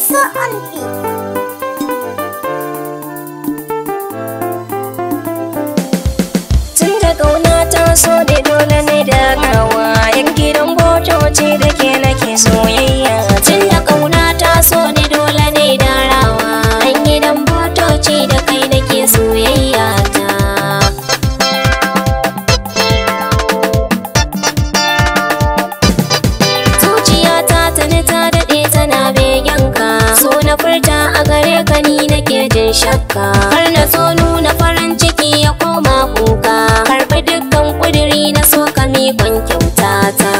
So, Auntie. shakka har na so nuna farin ciki ya koma kuka karbi dukkan ƙudiri na so ka ne ban kyauta ta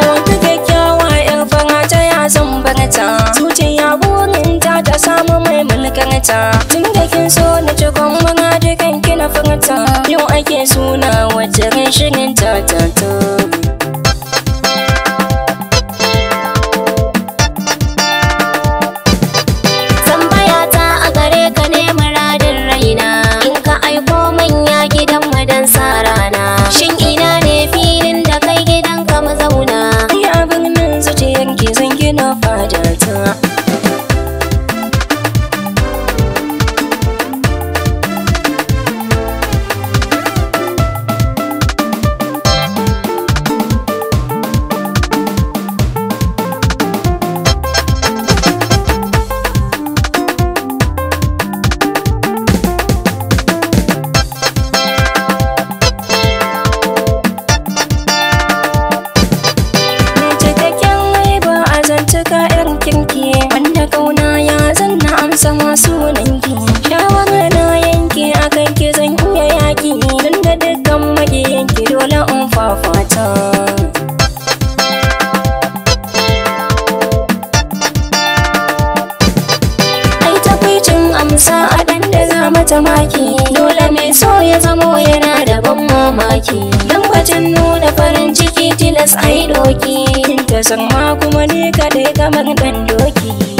wata kyakkyawa yan fana ta ya san zuciya ya gurin ta ta samu mai mulkanta tun da kin so na cikin mana jikin kina furta yau ake suna wacce shirin ta ta ta matuka yar kirki wanda kauna ya zanna amsa masu nanki shawara na yanke kan ki zan iya yaki don da dukkan magiyanki dole in fafata amsa a ɗan da za mata maki dole mai so ya zamo yana ban mamaki wajen nuna farin ciki tilas ai doki Da san ma kuma ne kaɗai kamar ɗan doki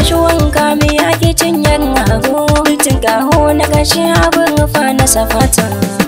gashuwan kami ya ke cinyan hagu tun kaho na gashi abin rufa na safata.